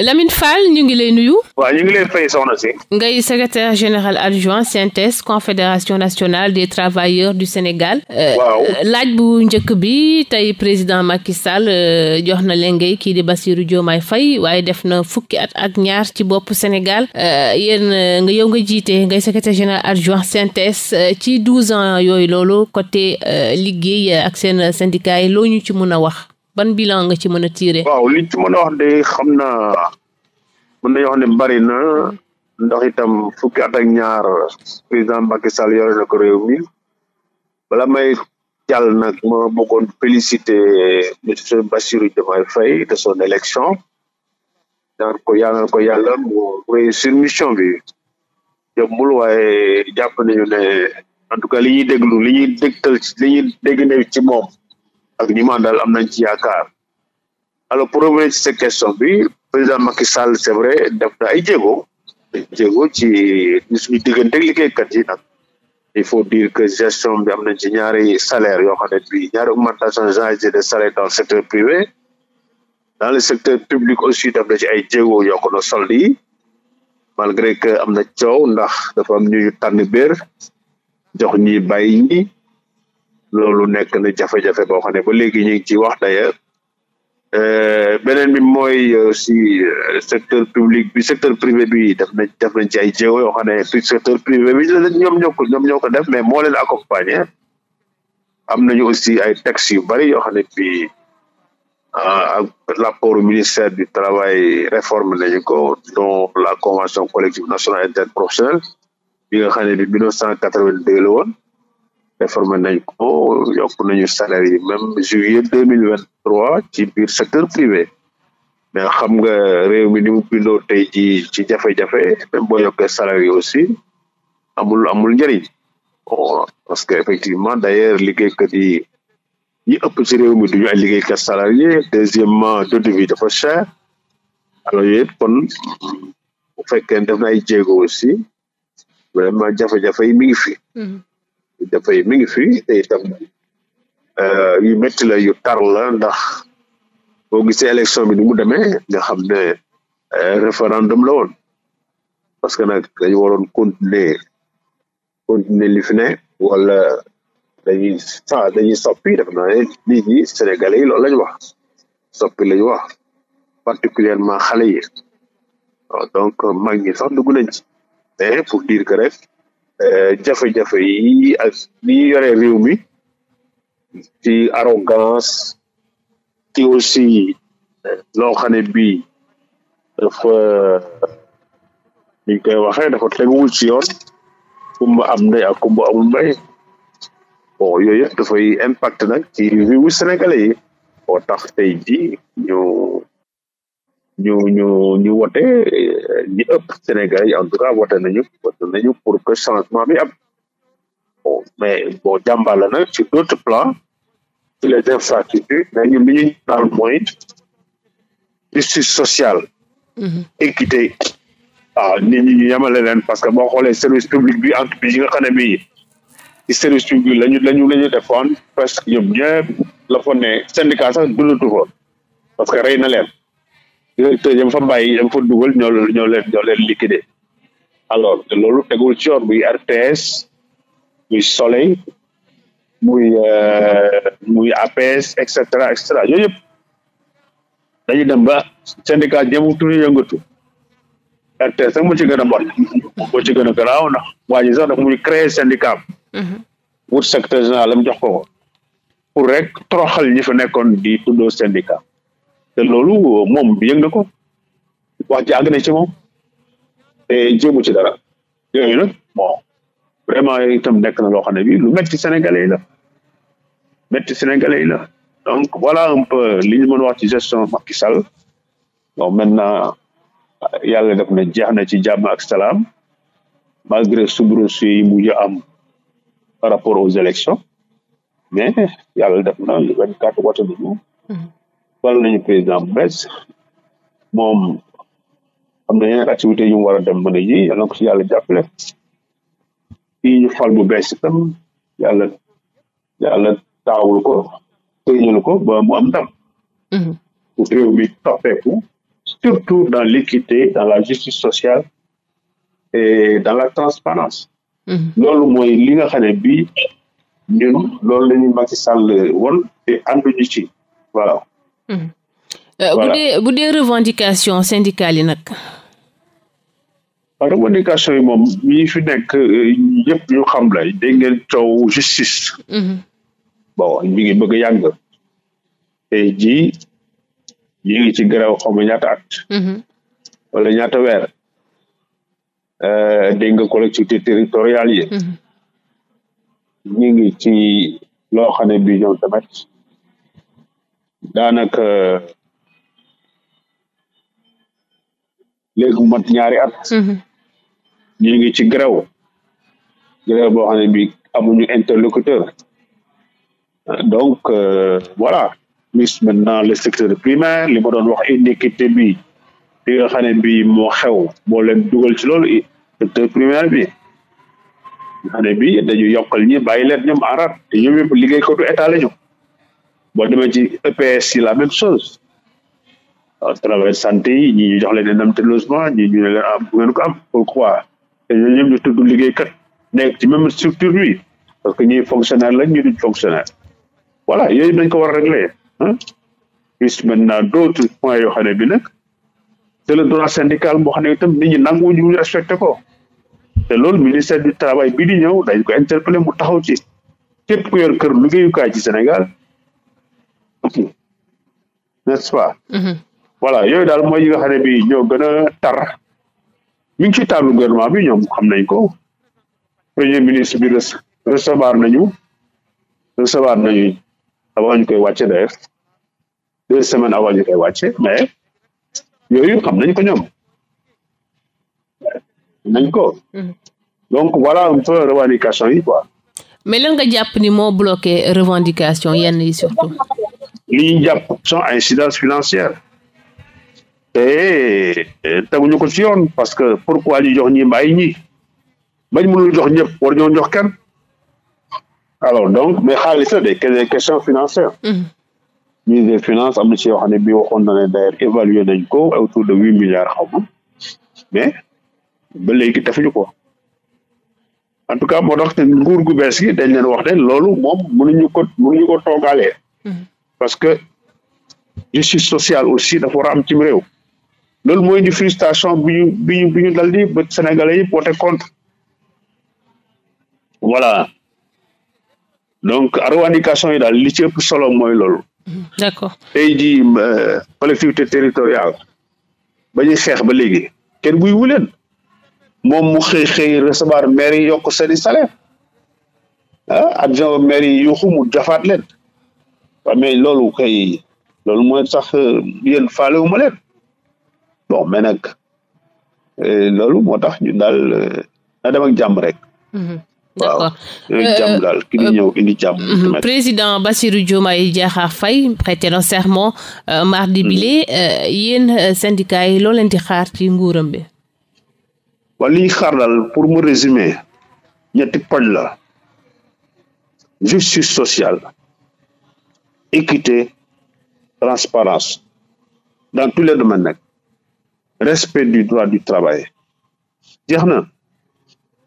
Lamine Fall ñu ngi lay nuyu. waaw ñu ngi lay fay soxna si. ngay secretaire général adjoint CNTS confédération nationale des travailleurs du Sénégal. Euh, waaw laaj bu njëkk bi tey président Macky Sall euh, jox na leen ngay kii di Bassirou Diomaye Faye waaye def na fukki at ak ñaar ci bopp Sénégal euh, yéen nga yow nga jiite ngay secrétaire général adjoint CNTS ci douze ans yooyu loolu côté liggéey ak seen syndicat yi loo ñu ci mun a wax. ban bilan nga ci mën a tiire waaw li ci mën a wax de xam naa mën nañu wax ne bari na ndax itam fukki at ak ñaar président Macky Sall yore na ko réew mi bala may jàll nag ma bëggoon féliciter monsieur Bassirou Diomaye de son élection ñaan ko yàllal ko yàlla mu réussir mission bi jëmbul waaye jàpp nañu ne en tout cas li ñuy déglu li ñuy dégtal li ñuy dégg ci moom ak ñi am nañ ci yaakaar alors pour revenir ci sa question bi président Macky Sall c'est vrai def na ay jéego jéego ci suñu digganteeg liggéeykat yi nag il faut dire que gestion bi am nañ ci ñaari salaire yoo xam ne bi ñaari augmentation généralisée de salaire dans le secteur privé dans le secteur public aussi def na ci ay jéego yokk na solde yi malgré que am na coow ndax dafa am ñuy tànn béer jox ñi bàyyi loolu nekk na jafe-jafe boo xam ne ba léegi ñu ngi ciy wax d'ailleurs euh, beneen bi mooy aussi euh, euh, secteur public bi secteur privé bi def nañ def nañ ci ay jéego yoo xam ne secteur privé bi ñoom ñoo ko ñoom ñoo ko def mais moo leen accompagner am nañu aussi ay textes yu bari yoo xam ne bi ak l'apport ministère du travail réforme nañu ko dont la convention collective nationale interprofessionnelle bi nga xam ne bi mille neuf cent quatre-vingt-deux la woon réformé nañ ko yokk nañu salaire yi même juillet deux mille vingt trois ci biir secteur privé mais xam nga réew mi ni mu bindoo tey ji ci jafe-jafe même boo yokkee salaire yi aussi amul amul njëriñ bon parce que effectivement d'ailleurs liggéeykat yi ñi ëpp si réew mi duñu ay liggéeykat salarié deuxièmement dund bi dafa cher alors yooyu it kon bu fekkee def na ay jéego aussi vraiment jafe-jafe yi mi ngi fi. Mm-hmm. dafay mi ngi fi te itam euh, yu métti la yu tar la ndax boo gisee élection bi ni mu demee nga xam ne euh, référendum la woon parce que nag dañu waroon continuer continuer li fi ne wala dañuy sa dañuy soppi yi loolu lañu wax soppi lañu wax particulièrement xale yi donc mag ñi sax dugg nañ ci pour dire que rek Euh, jafe-jafe yi ak ni ñu yoree réew mi ci arrogance ci aussi euh, loo xane ne bii dafa ñu koy waxee dafa teguwul ci yoon kumba am ndey ak kumba amul ndey o yooyu yëpp dafay impact nag ci réewu sénégalais yi boo tax tey ji ñu ñu ñu ñu wote ñu ëpp Sénégal yi en tout cas wote nañu wote nañu pour que changement bi am mais bon jàmbaar na nag sur d'autres plans sur les infrastructures mais ñun ñu daal mooy justice sociale mhm. équité waaw ah, nit ñi ñu yamale leen parce que boo xoolee service public bi entreprise yi nga xam ne bii ci service public lañu lañu la ñu defoon presque ñoom ñëpp la fa ne syndicat sax dundatu fa parce que rey na leen directeur yi fa bàyyi dama fa dugal ñoo ñoo leen ñoo leen liquider alors te loolu tegul ci yoon muy RTS muy Soleil muy euh, muy APS et cetera et cetera yëpp dañuy dem ba syndicat jëmutuñu yëngatu RTS nag moo ci gën a bon moo ci gën a garaaw ndax waa ji sax dafa muy créer syndicat mhm. wut secteur général am jox ko ko pour rek toroxal ñi fa nekkoon di tuddoo syndicat te loolu moom yëg na ko wax ji àgg na ci moom te jéemu ci dara yooyu nag bon vraiment itam nekk na loo xam ne bi lu métti sénégalais yi la métti sénégalais yi la donc wala un peu li ñu mën wax ci gestion Macky Sall bon maintenant yàlla def na jeex na ci jàmm ak salaam malgré soubresaut yi mujj am par rapport aux élections mais yàlla def na vingt quatre wata nañu mhm. wala nañu président bu bees moom am na war a dem mën a ji ko si yàlla jàppale ñu fal bu bees itam yàlla yàlla taawul ko tëñul ko ba mu am ndam mhm. pour réew mi toppeeku surtout dans l'équité dans la justice sociale et dans la transparence mhm. loolu mooy li nga xam ne bii ñun loolu la ñu Macky Sall woon te ànduñu ci voilà Hmm. Euh, bu dee bu dee revendication syndicale yi nag revendication yi moom ñi fi nekk euh, ñëpp ñu xam la dégg ngeen coow justice hmm. bon ñu ngi bëgg yàgg tey jii ñu ngi ci grève xaw ma ñaata at hmm. wala ñaata weer euh, dégg nga collectivité territoriale yi ñu ngi ci loo xam ne bi daanaka léegi mat ñaari at mhm. ñu ngi ci grève grève boo xam ne bi amuñu interlocuteur donc euh, voilà plus maintenant le secteur primaire li ma doon wax inéquité bi li nga xam ne bi moo xew moo leen dugal ci loolu secteur primaire bi nga xam bi dañu yokkal ñi bàyyi leen ñoom en rade te ñoom yëpp liggéeykatu état la ñu boo demee ci EPS la même sos à travers santé yi ñii ñu jox leen indemnité de logement ñii ñu ne am ah, bu ngeen ko am pourquoi te ñoo ñëpp ñu tudd liggéeykat nekk ci même structure bi parce que ñuy fonctionnaire lañ ñu duñ fonctionnaire voilà yooyu dañ ko war a régler ah plus maintenant d' autres yo yoo xam ne bi nag c'est le droit syndical boo xam ne itam nit ñi nanguwuñu ñu respecté ko te loolu ministère du travail bi di ñëw dañ ko interpellé mu taxaw ci képp ku yor kër liggéeyukaay ci Sénégal nest pas. Mm-hmm. voilà yooyu daal mooy yi nga xam bi ñoo gën a tar mi ngi ci taalu gouvernement bi ñoom xam nañ ko premier ministre bi recevoir nañu recevoir nañu avant koy wàcce d'ailleurs deux semaines avant ñu koy wàcce mais yooyu xam nañ ko ñoom nañ ko mm-hmm. donc voilà un peu revendication yi quoi mais lan nga jàpp ni moo bloqué revendication yenn yi surtout li ñuy jàpp sont incidence financière te eh, teguñu ko ci yoon parce que pourquoi ñu jox ñi bàyyi ñi bañ mënul jox ñëpp war ñoo jox ken alors donc mais xaalis la des des questions financières mm-hmm. ministre des finances am na ci yoo xam ne bii waxoon na ne d'ailleurs évalué nañ ko autour de huit milliards xaw ma mais ba léegi defuñu ko en tout cas moo tax te nguur gu bees gi dañ leen wax ne loolu moom mënuñu ko mënuñu ko parce que justice sociale aussi dafa war a am ci réew loolu mooy indi frustration bi ñu bi bi ñu dal di ba sénégalais yëpp voté contre voilà donc revendication yi daal li ci ëpp solo mooy loolu. Mmh. d'accord tey jii euh, collectivité territoriale ba ñuy xeex ba léegi kenn buy wuleen moom mu xëy xëy recevoir maire yi yokk seeni salaire ah adjoint maire yi yuuxu mu jafaat mais loolu kay loolu mooy sax euh, yéen faale wu ma leen bon mais euh, loolu moo tax ñu daal euh, na dem ak jàmm rek. Mhm. d'accord waaw jàmm daal ki di ñëw indi jàmm. Mhm. président Bassirou Diomaye Diakhar Faye prêté na serment mardi mhm. bile yéen yi loo leen di xaar ci nguuram bi. waaw li ñu xaar daal pour mu résumer ñetti poñ la justice sociale. équité transparence dans tous les domaines nag respect du droit du travail jeex na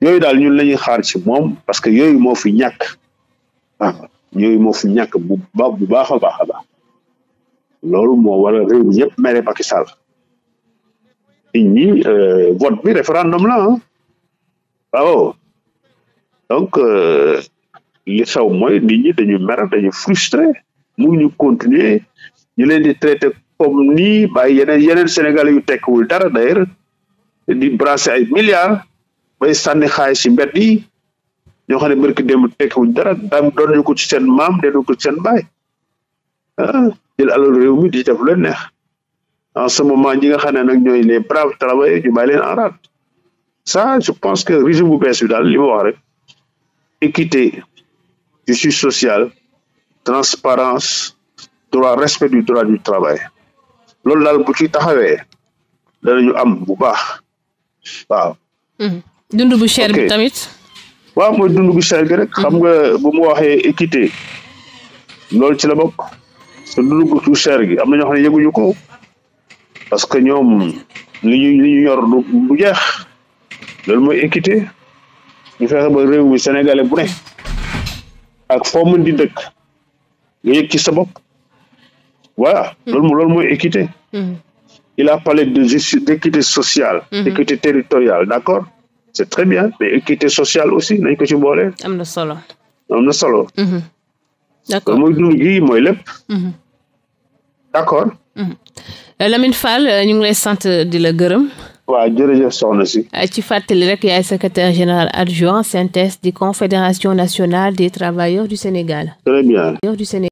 yooyu daal ñun la ñuy xaar moom parce que yooyu moo fi ñàkk waaw ah, yooyu moo fi ñàkk bu ba bu baax a baax a baax loolu moo waral réew mi yëpp mere Macky Sall nit ñi euh, vote bi référendum la ah waaw donc euh, li xew mooy nit ñi dañu mere dañu frustré mu ñu continuer ñu leen di traité comme nii bàyyi yeneen yeneen sénégalais yu tekkiwul dara d'ailleurs di brasser ay milliards bay sànni xaalis ci mbedd yi ñoo xam ne barki démb tekkiwuñ dara daan doon ñu ko ci seen maam doon ko ci seen baay ah jël alal réew mi di def lu neex en ce moment yi nga xam ne nag ñooy les braves travailleurs ñu bàyyi leen en rade ça je pense que régime bu bees bi daal li ma wax rek équité justice sociale transparence droit respect du droit du travail loolu daal bu ci taxawee ñu am bu baax waaw. Hmm. dund bu cher bi tamit. waaw mooy dund bu cher bi rek. xam nga hmm. bu mu waxee équité loolu ci la bokk te dund bu cher gi am na ñoo xam yëguñu ko parce que ñoom li ñu li ñu bu jeex loolu mooy équité ñu fexe ba réew mi sénégalais bu ne ak foo mën di dëkk. nga yëg ci sa bopp voilà hmm. loolu loolu mooy équité hmm. il a parlé de justice d'équité sociale hmm. d'équité territoriale d'accord c'est très bien mais équité sociale aussi nañ ko ci boole am na solo am na solo d'accord mooy dund gi mooy lépp d'accord euh, Lamine Fall euh, ñu ngi lay sant euh, di la gërëm waaw jërëjëf soxna si ci fàttali rek yaay secretaire général adjoint CNTS di confédération nationale des travailleurs du Sénégal